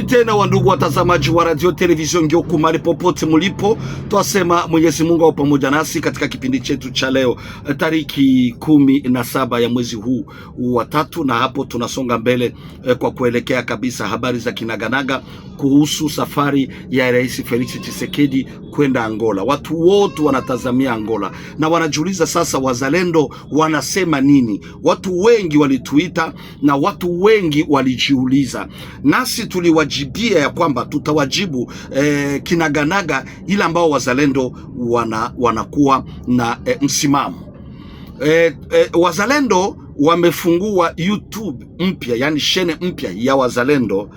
tena wa ndugu watazamaji wa radio television Ngyoku, mahali popote mlipo, twasema Mwenyezi Mungu au pamoja nasi katika kipindi chetu cha leo eh, tariki kumi na saba ya mwezi huu wa tatu, na hapo tunasonga mbele eh, kwa kuelekea kabisa habari za kinaganaga kuhusu safari ya Rais Felix Tshisekedi kwenda Angola. Watu wote wanatazamia Angola na wanajiuliza sasa, wazalendo wanasema nini? Watu wengi walituita na watu wengi walijiuliza, nasi tuliwa tuwajibie ya kwamba tutawajibu eh, kinaganaga ile ambao wazalendo wana, wanakuwa na eh, msimamo eh, eh, wazalendo wamefungua YouTube mpya yani shene mpya ya wazalendo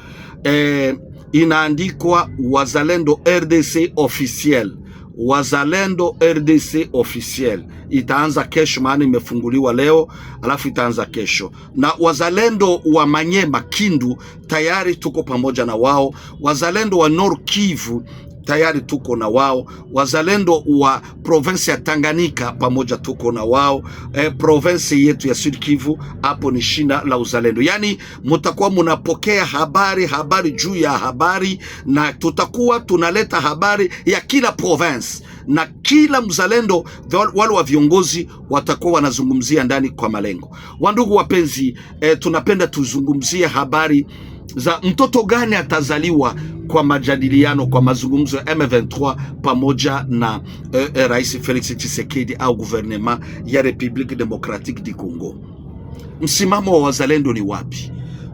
eh, inaandikwa Wazalendo RDC officiel Wazalendo RDC officiel itaanza kesho, maana imefunguliwa leo, alafu itaanza kesho. Na wazalendo wa Manyema Kindu tayari tuko pamoja na wao, wazalendo wa Nord Kivu tayari tuko na wao. Wazalendo wa provinsi ya Tanganyika pamoja tuko na wao. E, eh, provinsi yetu ya Sud Kivu hapo ni shina la uzalendo. Yaani mtakuwa mnapokea habari habari juu ya habari, na tutakuwa tunaleta habari ya kila province na kila mzalendo. Wale wa viongozi watakuwa wanazungumzia ndani kwa malengo. Wandugu wapenzi, e, tunapenda tuzungumzie habari za mtoto gani atazaliwa kwa majadiliano, kwa mazungumzo ya M23 pamoja na eh, eh, Rais Felix Tshisekedi au guvernema ya Republique Democratique du Congo. Msimamo wa wazalendo ni wapi?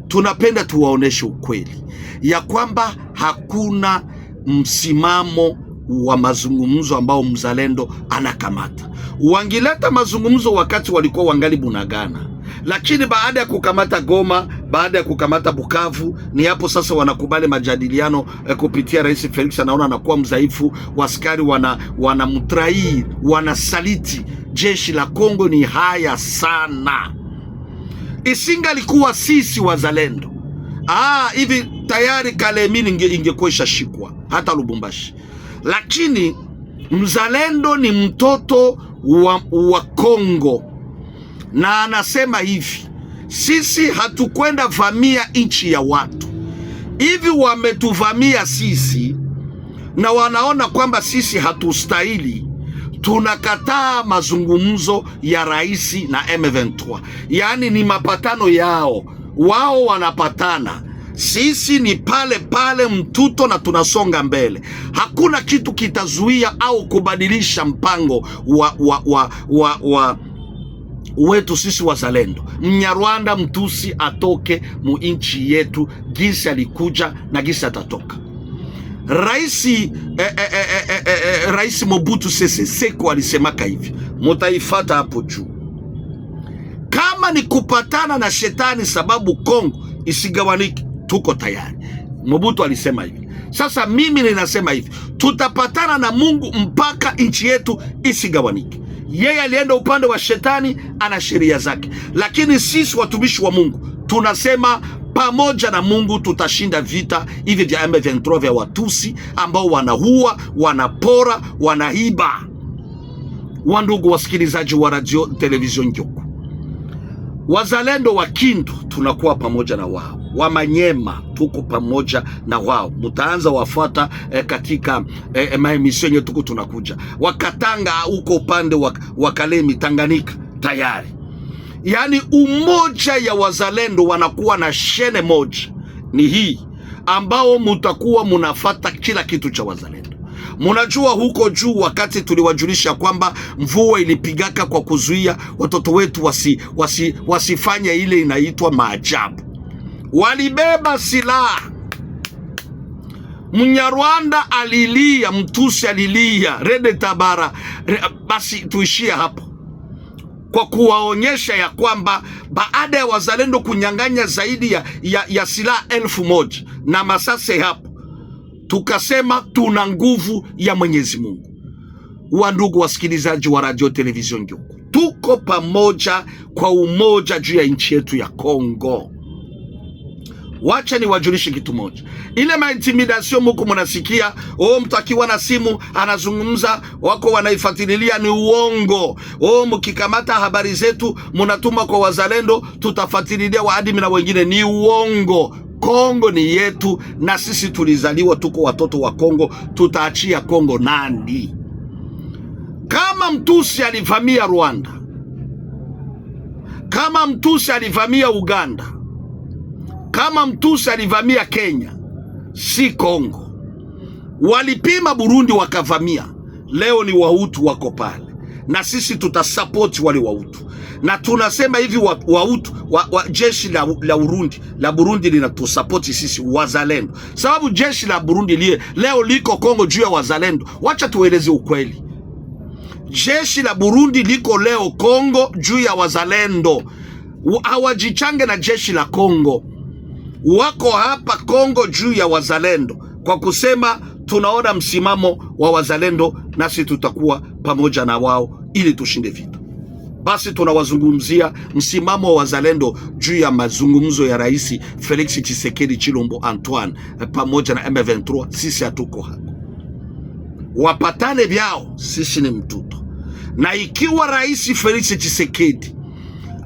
Tunapenda tuwaoneshe ukweli ya kwamba hakuna msimamo wa mazungumzo ambao mzalendo anakamata. Wangileta mazungumzo wakati walikuwa wangali bunagana lakini baada ya kukamata Goma, baada ya kukamata Bukavu, ni hapo sasa wanakubali majadiliano eh, kupitia Rais Felix anaona anakuwa mdhaifu, waskari wana wanamtrai wanasaliti jeshi la Kongo. Ni haya sana, isingalikuwa sisi wazalendo ah, hivi tayari Kalemi ingekuwa ishashikwa hata Lubumbashi, lakini mzalendo ni mtoto wa, wa Kongo na anasema hivi, sisi hatukwenda vamia nchi ya watu. Hivi wametuvamia sisi na wanaona kwamba sisi hatustahili. Tunakataa mazungumzo ya rais na M23, yaani ni mapatano yao, wao wanapatana sisi ni pale pale mtuto na tunasonga mbele. Hakuna kitu kitazuia au kubadilisha mpango wa, wa, wa, wa, wa wetu sisi wazalendo, Mnyarwanda mtusi atoke mu nchi yetu gisi alikuja na gisi atatoka. Raisi, eh, eh, eh, eh, eh, eh, eh Mobutu Sese Seko alisemaka hivi, mutaifata hapo juu, kama ni kupatana na shetani sababu Kongo isigawanike, tuko tayari. Mobutu alisema hivi. Sasa mimi ninasema hivi, tutapatana na Mungu mpaka nchi yetu isigawanike. Yeye alienda upande wa shetani, ana sheria zake, lakini sisi watumishi wa Mungu tunasema pamoja na Mungu tutashinda vita hivi vya M23 vya watusi ambao wanaua, wanapora, wa Wandugu wasikilizaji wa radio television Ngyoku, wazalendo wa Kindu tunakuwa pamoja na wao wa Manyema tuko pamoja na wao, mutaanza wafuata eh, katika eh, eh maemisio yenye tuko tunakuja. Wakatanga huko upande wa, wa Kalemi Tanganyika tayari, yaani umoja ya wazalendo wanakuwa na shene moja ni hii ambao mutakuwa munafata kila kitu cha wazalendo. Munajua huko juu, wakati tuliwajulisha kwamba mvua ilipigaka kwa kuzuia watoto wetu wasi, wasi, wasifanye ile inaitwa maajabu walibeba silaha. Mnyarwanda alilia, mtusi alilia, rede tabara re. Basi tuishie hapo kwa kuwaonyesha ya kwamba baada ya wazalendo kunyang'anya zaidi ya, ya, ya silaha elfu moja na Masase, hapo tukasema tuna nguvu ya Mwenyezi Mungu. ndugu wasikilizaji wa radio television Ngyoku, tuko pamoja kwa umoja juu ya nchi yetu ya Kongo. Wacha niwajulishe kitu moja, ile maintimidasio muku munasikia, o oh, mtu akiwa na simu anazungumza, wako wanaifatililia ni uongo. Oh, mkikamata habari zetu munatuma kwa wazalendo, tutafatililia waadimi na wengine, ni uongo. Kongo ni yetu na sisi tulizaliwa, tuko watoto wa Kongo. Tutaachia Kongo nandi? Kama mtusi alivamia Rwanda, kama mtusi alivamia Uganda kama mtusi alivamia Kenya, si Kongo. Walipima Burundi wakavamia, leo ni wahutu wako pale, na sisi tutasapoti wale wahutu, na tunasema hivi wahutu wa, wa, jeshi la, la Urundi la Burundi linatusapoti sisi wazalendo, sababu jeshi la Burundi liye leo liko Kongo juu ya wazalendo. Wacha tueleze ukweli, jeshi la Burundi liko leo Kongo juu ya wazalendo, hawajichange na jeshi la Kongo wako hapa Kongo juu ya wazalendo kwa kusema tunaona msimamo wa wazalendo, nasi tutakuwa pamoja na wao ili tushinde vita. Basi tunawazungumzia msimamo wa wazalendo juu ya mazungumzo ya Rais Felix Tshisekedi Chilombo Antoine pamoja na M23. Sisi hatuko hapo, wapatane vyao, sisi ni mtuto. Na ikiwa Rais Felix Tshisekedi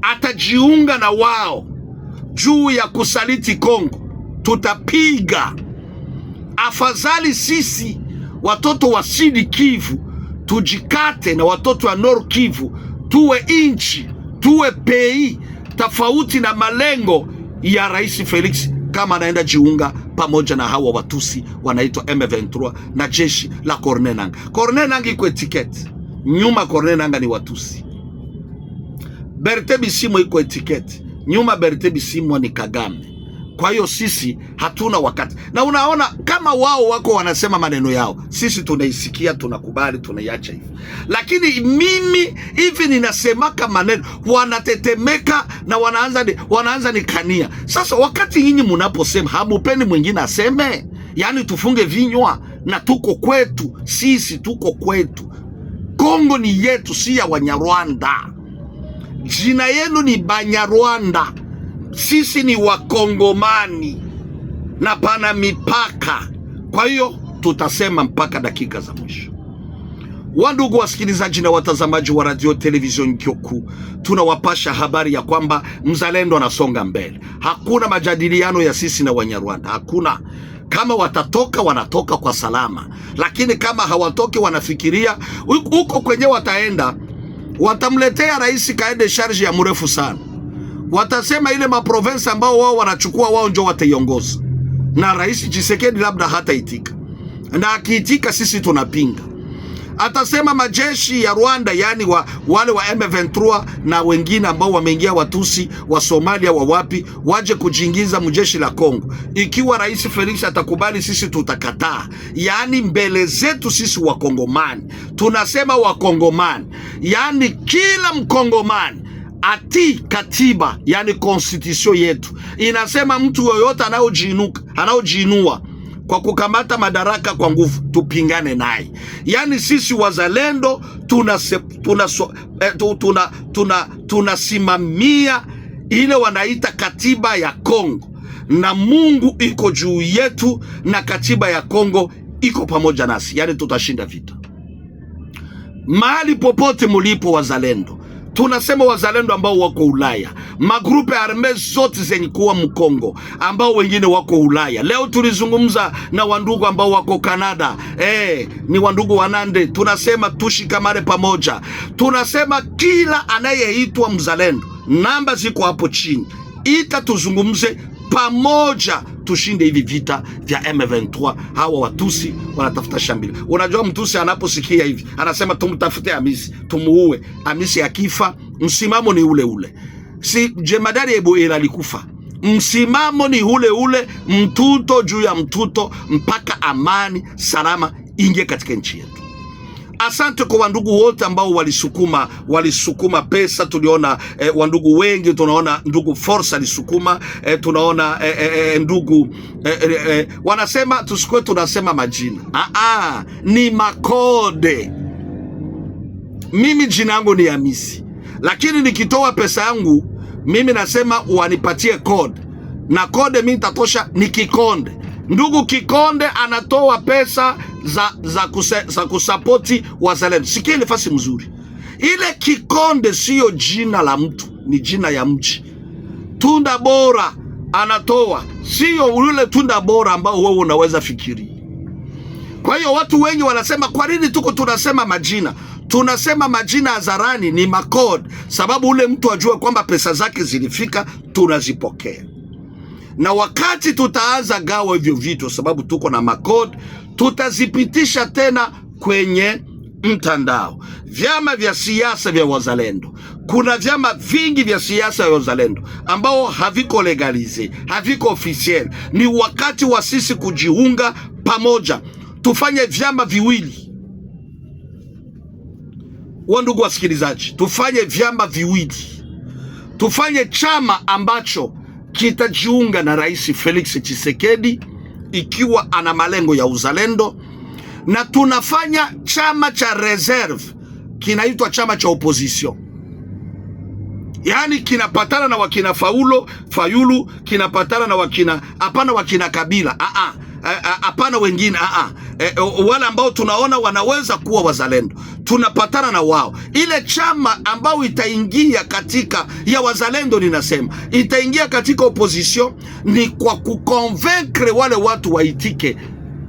atajiunga na wao juu ya kusaliti Kongo, tutapiga. Afadhali sisi watoto wa Sidi Kivu tujikate na watoto wa Nord Kivu, tuwe inchi, tuwe pei tofauti na malengo ya Rais Felix kama anaenda jiunga pamoja na hawa watusi wanaitwa M23 na jeshi la Corneille nanga Corneille nanga iko etiketi nyuma, Corneille nanga ni watusi. bertebisimo iko etiketi nyuma Berete Bisimwa ni Kagame. Kwa hiyo sisi hatuna wakati, na unaona kama wao wako wanasema maneno yao, sisi tunaisikia, tunakubali, tunaiacha hivi. Lakini mimi hivi ninasemaka maneno, wanatetemeka na wanaanza ni, wanaanza nikania. Sasa wakati nyinyi mnaposema hamupeni mwingine aseme, yaani tufunge vinywa na tuko kwetu, sisi tuko kwetu. Kongo ni yetu, si ya Wanyarwanda. Jina yenu ni Banyarwanda, sisi ni Wakongomani na pana mipaka. Kwa hiyo tutasema mpaka dakika za mwisho. Wandugu wasikilizaji na watazamaji wa radio television Ngyoku, tunawapasha habari ya kwamba mzalendo anasonga mbele. Hakuna majadiliano ya sisi na Wanyarwanda, hakuna kama watatoka wanatoka kwa salama, lakini kama hawatoki wanafikiria huko kwenye wataenda watamletea rais kaende charge ya mrefu sana. Watasema ile maprovensi ambao wao wanachukua wao njo wataiongoza, na rais Chisekedi labda hataitika, na akiitika sisi tunapinga atasema majeshi ya Rwanda, yani wa, wale wa M23 na wengine ambao wameingia Watusi wa Somalia wa wapi waje kujiingiza mjeshi la Kongo. Ikiwa Rais Felix atakubali, sisi tutakataa. Yani mbele zetu sisi Wakongomani tunasema Wakongomani, yani kila Mkongomani ati katiba yani konstitusio yetu inasema mtu yoyote anaojiinuka anaojiinua kwa kukamata madaraka kwa nguvu, tupingane naye. Yaani sisi wazalendo tunasimamia tuna, tuna, tuna, tuna, tuna ile wanaita katiba ya Kongo, na Mungu iko juu yetu na katiba ya Kongo iko pamoja nasi, yaani tutashinda vita mahali popote mulipo wazalendo tunasema wazalendo ambao wako Ulaya, magrupe arme zote zenye kuwa Mkongo, ambao wengine wako Ulaya. Leo tulizungumza na wandugu ambao wako Kanada, eh, ni wandugu wanande. Tunasema tushikamane pamoja, tunasema kila anayeitwa mzalendo, namba ziko hapo chini, ita tuzungumze pamoja tushinde hivi vita vya M23. Hawa watusi wanatafuta shambili. Unajua, mtusi anaposikia hivi anasema tumtafute Hamisi, tumuue Hamisi. Akifa msimamo ni ule ule, si jemadari Eboela alikufa msimamo ni ule ule, mtuto juu ya mtuto, mpaka amani salama ingie katika nchi yetu. Asante kwa wandugu wote ambao walisukuma walisukuma pesa. Tuliona e, wandugu wengi, tunaona ndugu forsa alisukuma e, tunaona e, e, ndugu e, e, e, wanasema tusikuwe tunasema majina. Aa, ah, ah, ni makode. Mimi jina yangu ni Hamisi, lakini nikitoa pesa yangu mimi nasema wanipatie kode na kode mi nitatosha nikikonde Ndugu Kikonde anatoa pesa za, za, kuse, za kusapoti wazalendo. Sikia nafasi mzuri ile. Kikonde siyo jina la mtu, ni jina ya mji. Tunda bora anatoa siyo ule tunda bora ambao wewe unaweza fikiri. Kwa hiyo watu wengi wanasema kwa nini tuko tunasema majina tunasema majina hadharani ni makod, sababu ule mtu ajue kwamba pesa zake zilifika, tunazipokea na wakati tutaanza gawa hivyo vitu, sababu tuko na makodi, tutazipitisha tena kwenye mtandao. Vyama vya siasa vya wazalendo, kuna vyama vingi vya siasa vya wazalendo ambao haviko legalize, haviko ofisiel. Ni wakati wa sisi kujiunga pamoja, tufanye vyama viwili. Wandugu wasikilizaji, tufanye vyama viwili, tufanye chama ambacho kitajiunga na Rais Felix Tshisekedi ikiwa ana malengo ya uzalendo, na tunafanya chama cha reserve kinaitwa chama cha opposition, yaani kinapatana na wakina Faulo Fayulu, kinapatana na wakina hapana, wakina Kabila eh, eh, hapana, wengine a, a, e, eh, wale ambao tunaona wanaweza kuwa wazalendo tunapatana na wao. Ile chama ambayo itaingia katika ya wazalendo, ninasema itaingia katika opposition ni kwa kuconvaincre wale watu waitike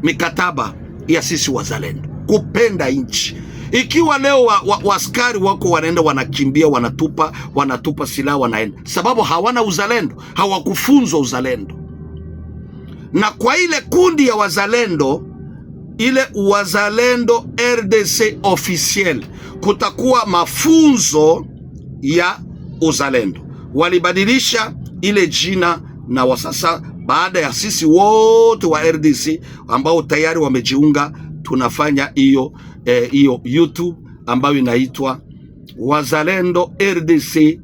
mikataba ya sisi wazalendo kupenda nchi. Ikiwa leo waskari wa, wa wako wanaenda wanakimbia, wanatupa wanatupa silaha, wanaenda sababu hawana uzalendo, hawakufunzwa uzalendo, na kwa ile kundi ya wazalendo ile wazalendo RDC officiel, kutakuwa mafunzo ya uzalendo. Walibadilisha ile jina na wasasa, baada ya sisi wote wa RDC ambao tayari wamejiunga, tunafanya hiyo eh, hiyo eh, YouTube ambayo inaitwa Wazalendo RDC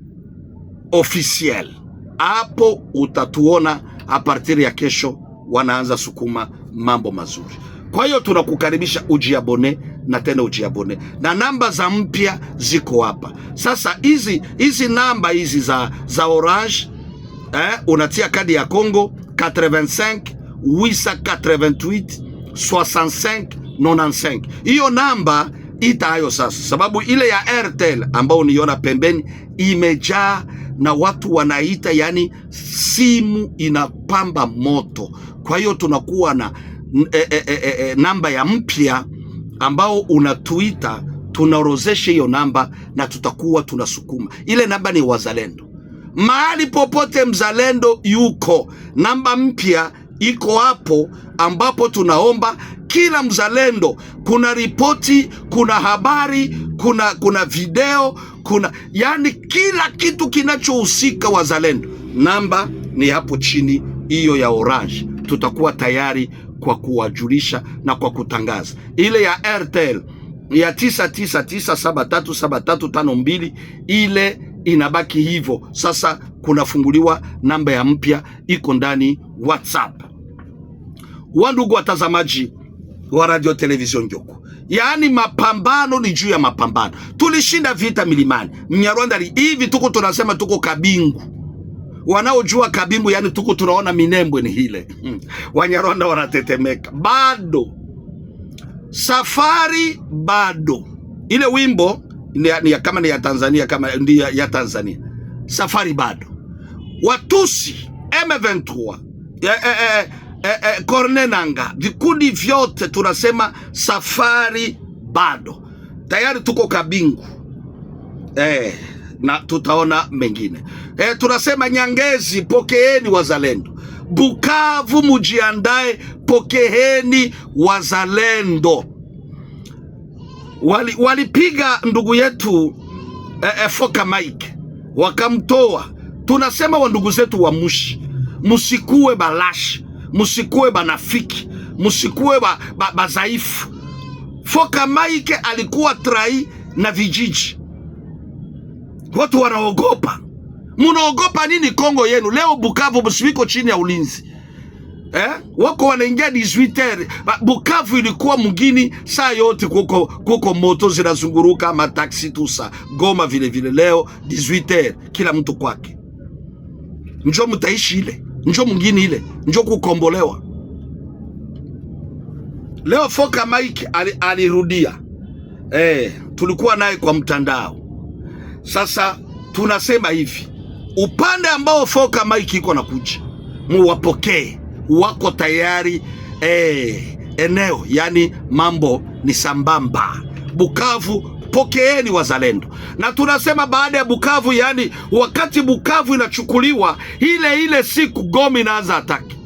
officiel. Hapo utatuona a partir ya kesho, wanaanza sukuma mambo mazuri. Kwa hiyo tunakukaribisha ujiabone na tena ujiabone, na namba za mpya ziko hapa sasa. Hizi hizi namba hizi za, za orange eh, unatia kadi ya Congo 85 888 65 95. Hiyo namba ita hayo sasa, sababu ile ya Airtel ambayo uniona pembeni imejaa na watu wanaita, yani simu inapamba moto. Kwa hiyo tunakuwa na e, e, e, e, namba ya mpya ambao unatuita, tunaorozesha hiyo namba na tutakuwa tunasukuma ile namba. Ni wazalendo mahali popote, mzalendo yuko, namba mpya iko hapo, ambapo tunaomba kila mzalendo. Kuna ripoti, kuna habari, kuna kuna video, kuna yani kila kitu kinachohusika wazalendo, namba ni hapo chini hiyo ya orange, tutakuwa tayari kwa kuwajulisha na kwa kutangaza. Ile ya RTL ya tisa tisa tisa saba tatu saba tatu tano mbili ile inabaki hivyo. Sasa kunafunguliwa namba ya mpya iko ndani WhatsApp. Wandugu watazamaji wa radio television Ngyoku, yaani mapambano ni juu ya mapambano. Tulishinda vita milimani, Mnyarwanda hivi tuko tunasema tuko kabingu wanaojua kabimbu, yani tuku tunaona minembwe ni hile hmm. Wanyarwanda wanatetemeka bado, safari bado. Ile wimbo ni ya, ni ya, kama ni ya Tanzania kama ndio ya, ya Tanzania, safari bado. Watusi M23 eh, eh, eh, eh, korne e, Nanga, vikundi vyote tunasema safari bado, tayari tuko kabingu eh na tutaona mengine. E, tunasema Nyangezi, pokeeni wazalendo. Bukavu, mujiandae, pokeeni wazalendo. Wali, walipiga ndugu yetu e, e, Foka Mike wakamtoa. Tunasema wa ndugu zetu wa Mushi, musikuwe balashi, musikuwe banafiki, musikuwe ba, ba, bazaifu. Foka Mike alikuwa trai na vijiji watu wanaogopa. Munaogopa nini Kongo yenu? Leo Bukavu msiviko chini ya ulinzi eh? Wako wanaingia 18h. Bukavu ilikuwa mgini saa yote, kuko kuko moto zinazunguruka mataksi tusa Goma vile vile. Leo 18h kila mtu kwake, njo mtaishi ile, njo mgini ile, njo kukombolewa. Leo Foka Mike alirudia ali eh, tulikuwa naye kwa mtandao sasa tunasema hivi, upande ambao Foka Mike iko na kuja muwapokee, wako tayari eh, eneo yani mambo ni sambamba. Bukavu pokeeni wazalendo, na tunasema baada ya Bukavu, yani wakati Bukavu inachukuliwa ile ile siku gomi inaanza ataki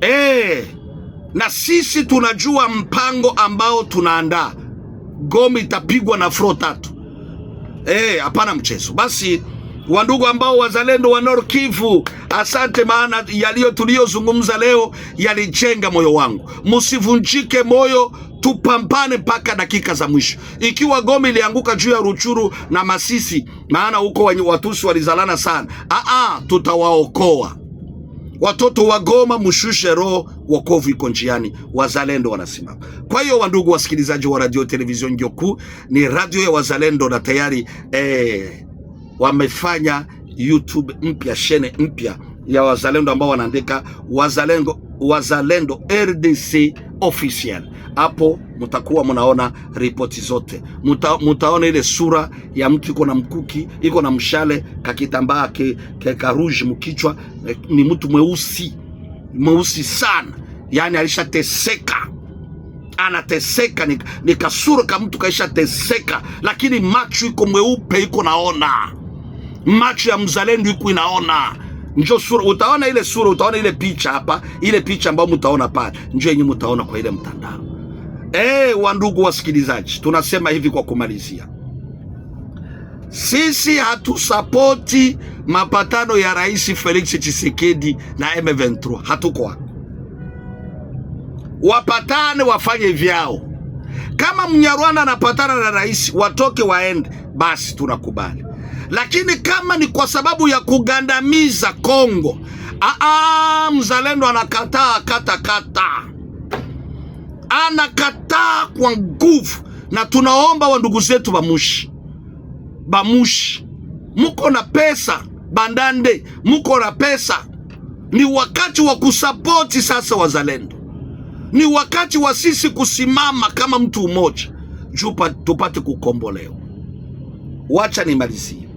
eh, na sisi tunajua mpango ambao tunaandaa. Gomi itapigwa na fro tatu Eh, hapana mchezo. Basi wandugu ambao wazalendo wa Nord Kivu, asante, maana yaliyo tuliyozungumza leo yalijenga moyo wangu. Msivunjike moyo, tupambane mpaka dakika za mwisho. Ikiwa Goma ilianguka juu ya Ruchuru na Masisi, maana huko Watusi walizalana sana, aa, ah, ah, tutawaokoa. Watoto wa Goma, mshushe roho, wokovu iko njiani, wazalendo wanasimama. Kwa hiyo, wandugu wasikilizaji wa radio television Ngyoku, ni radio ya wazalendo na tayari eh, wamefanya YouTube mpya, shene mpya ya wazalendo ambao wanaandika wazalendo, wazalendo RDC official hapo mtakuwa mnaona ripoti zote, muta, mutaona ile sura ya mtu iko na mkuki iko na mshale kakitambaa ke, ke karuji mkichwa, ni mtu mweusi mweusi sana, yaani alishateseka anateseka ni, ni kasura ka mtu kaishateseka, lakini macho iko mweupe iko naona, macho ya mzalendo iko inaona. Njo sura utaona ile sura utaona ile picha hapa, ile picha ambayo mutaona pale, njo yenye mutaona kwa ile mtandao. E, wandugu wasikilizaji, tunasema hivi kwa kumalizia, sisi hatusapoti mapatano ya Rais Felix Tshisekedi na M23, hapo, wapatane wafanye vyao. Kama Mnyarwanda anapatana na rais watoke waende, basi tunakubali, lakini kama ni kwa sababu ya kugandamiza Kongo, aa, mzalendo anakataa kata kata anakataa kwa nguvu, na tunaomba wa ndugu zetu bamushi, bamushi, muko na pesa bandande, muko na pesa, ni wakati wa kusapoti sasa wazalendo, ni wakati wa sisi kusimama kama mtu mmoja juu tupate kukombolewa. Wacha nimalizie,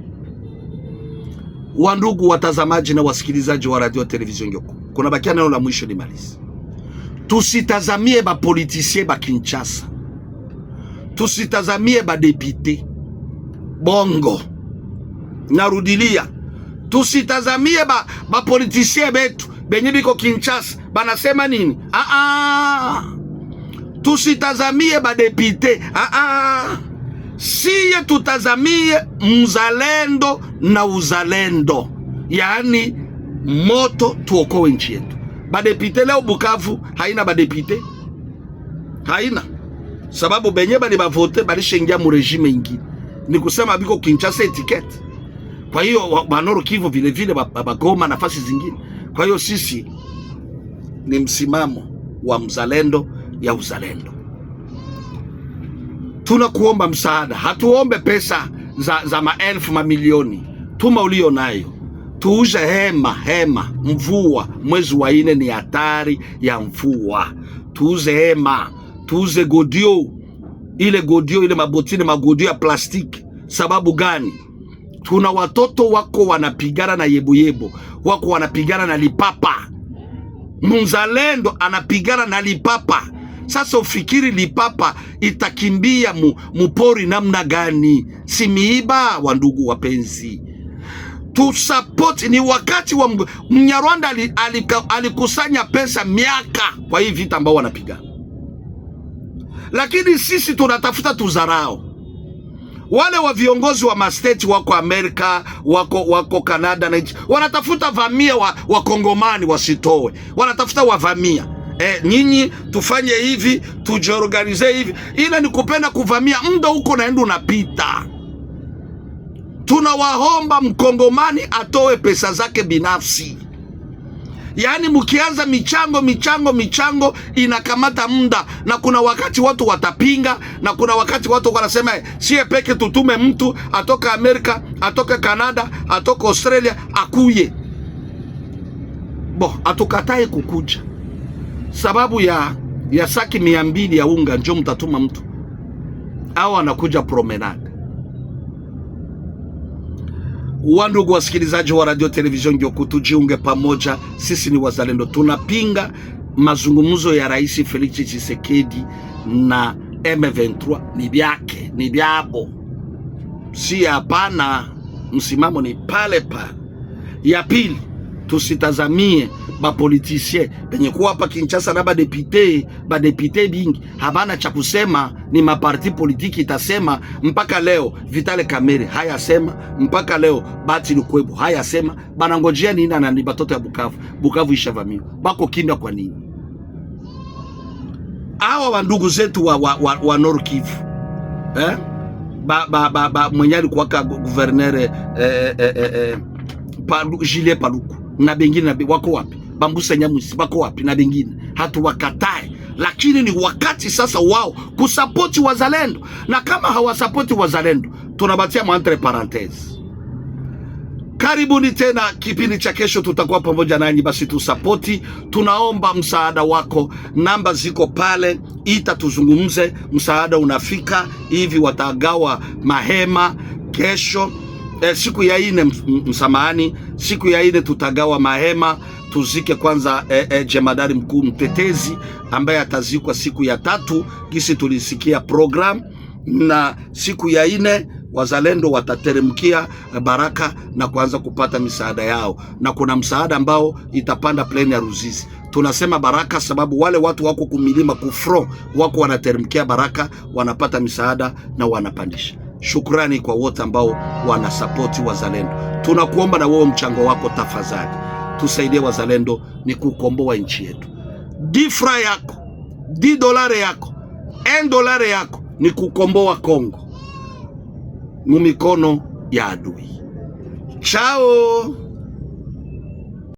wandugu watazamaji na wasikilizaji wa radio television Ngyoku, kuna bakia neno la mwisho nimalize tusitazamie bapolitisie ba Kinshasa, tusitazamie badepite bongo, narudilia, tusitazamie ba ba betu benye biko Kinshasa banasema nini? ah -ah. Tusitazamie badepite ah -ah. Siye tutazamie mzalendo na uzalendo, yaani moto tuoko nchi yetu badepite leo Bukavu haina badepite, haina sababu benye bali bavote balishengia mu regime ingine, ni kusema biko Kinshasa etikete. Kwa hiyo banoro Kivu vile vile bagoma nafasi zingine. Kwa hiyo sisi ni msimamo wa mzalendo ya uzalendo, tunakuomba msaada, hatuombe pesa za, za maelfu mamilioni. Tuma ulio nayo tuuze hema. Hema mvua, mwezi wa ine ni hatari ya mvua. Tuuze hema, tuuze godio, ile godio ile mabotini, magodio ya plastiki. Sababu gani? Kuna watoto wako wanapigana na yeboyebo, wako wanapigana na lipapa. Mzalendo anapigana na lipapa. Sasa ufikiri lipapa itakimbia mupori namna gani? Si miiba, wandugu wapenzi to support. Ni wakati wa Mnyarwanda alikusanya pesa miaka kwa hii vita ambao wanapigana, lakini sisi tunatafuta tuzarao wale wa viongozi wa masteti wako Amerika, wako wako Kanada na nchi wanatafuta vamia wa wakongomani wasitoe, wanatafuta wavamia. E, eh, nyinyi tufanye hivi tujiorganize hivi, ila ni kupenda kuvamia. Muda huko naenda unapita tunawaomba mkongomani atoe pesa zake binafsi. Yaani mkianza michango michango michango inakamata muda, na kuna wakati watu watapinga, na kuna wakati watu wanasema eh, sie peke tutume mtu atoka Amerika, atoka Kanada, atoka Australia akuye bo, atukatae kukuja sababu ya ya saki mia mbili ya unga, njo mtatuma mtu au anakuja promenade wa ndugu wasikilizaji wa radio television Ngyoku, tujiunge pamoja. Sisi ni wazalendo, tunapinga mazungumzo ya Rais Felix Tshisekedi na M23. Ni byake, ni byabo, si hapana. Msimamo ni pale pale. Ya pili tusitazamie bapolitisie penye kuwa hapa Kinshasa na badepite badepite bingi habana cha kusema, ni maparti politiki itasema mpaka leo. Vitale Kamere hayasema mpaka leo, Bahati kwebu hayasema. Banangojea nini? ni batoto ya Bukavu? Bukavu ishavamiwa, bako kinda kwa nini? awa wandugu zetu wa, wa, wa, wa Nord Kivu eh? ba, ba, ba, ba mwenye alikuwaka guvernere eh, eh, eh, eh, Palu, Julien Paluku na bengine wako wapi? Bambusa Nyamwisi wako wapi? na bengine hatuwakatae, lakini ni wakati sasa wao kusapoti wazalendo, na kama hawasapoti wazalendo tunabatia mwantre parenthese. Karibuni tena, kipindi cha kesho tutakuwa pamoja nanyi. Basi tusapoti, tunaomba msaada wako. Namba ziko pale, ita tuzungumze. Msaada unafika hivi, watagawa mahema kesho eh, siku ya ine msamahani, siku ya ine tutagawa mahema tuzike kwanza eh, eh, jemadari mkuu mtetezi ambaye atazikwa siku ya tatu, gisi tulisikia program, na siku ya ine wazalendo watateremkia eh, Baraka na kuanza kupata misaada yao, na kuna msaada ambao itapanda pleni ya Ruzizi. Tunasema Baraka sababu wale watu wako kumilima kufro wako wanateremkia Baraka, wanapata misaada na wanapandisha Shukrani kwa wote ambao wanasapoti wazalendo. Tunakuomba na wewe mchango wako, tafadhali tusaidie wazalendo, ni kukomboa nchi yetu. Difra yako di dolare yako en dolare yako ni kukomboa Kongo ni mikono ya adui. Chao.